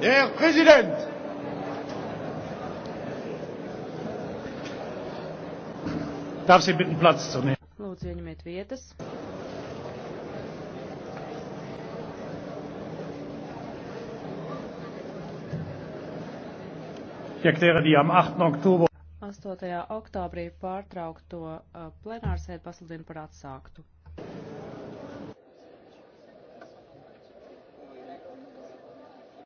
Herr Präsident! Darf Sie bitten, Platz zu nehmen? Lūdzu, ieņemiet vietas. Ich erkläre die am 8. Oktober. 8. oktobrī pārtraukto uh, plenārsēdi pasludinu par atsāktu.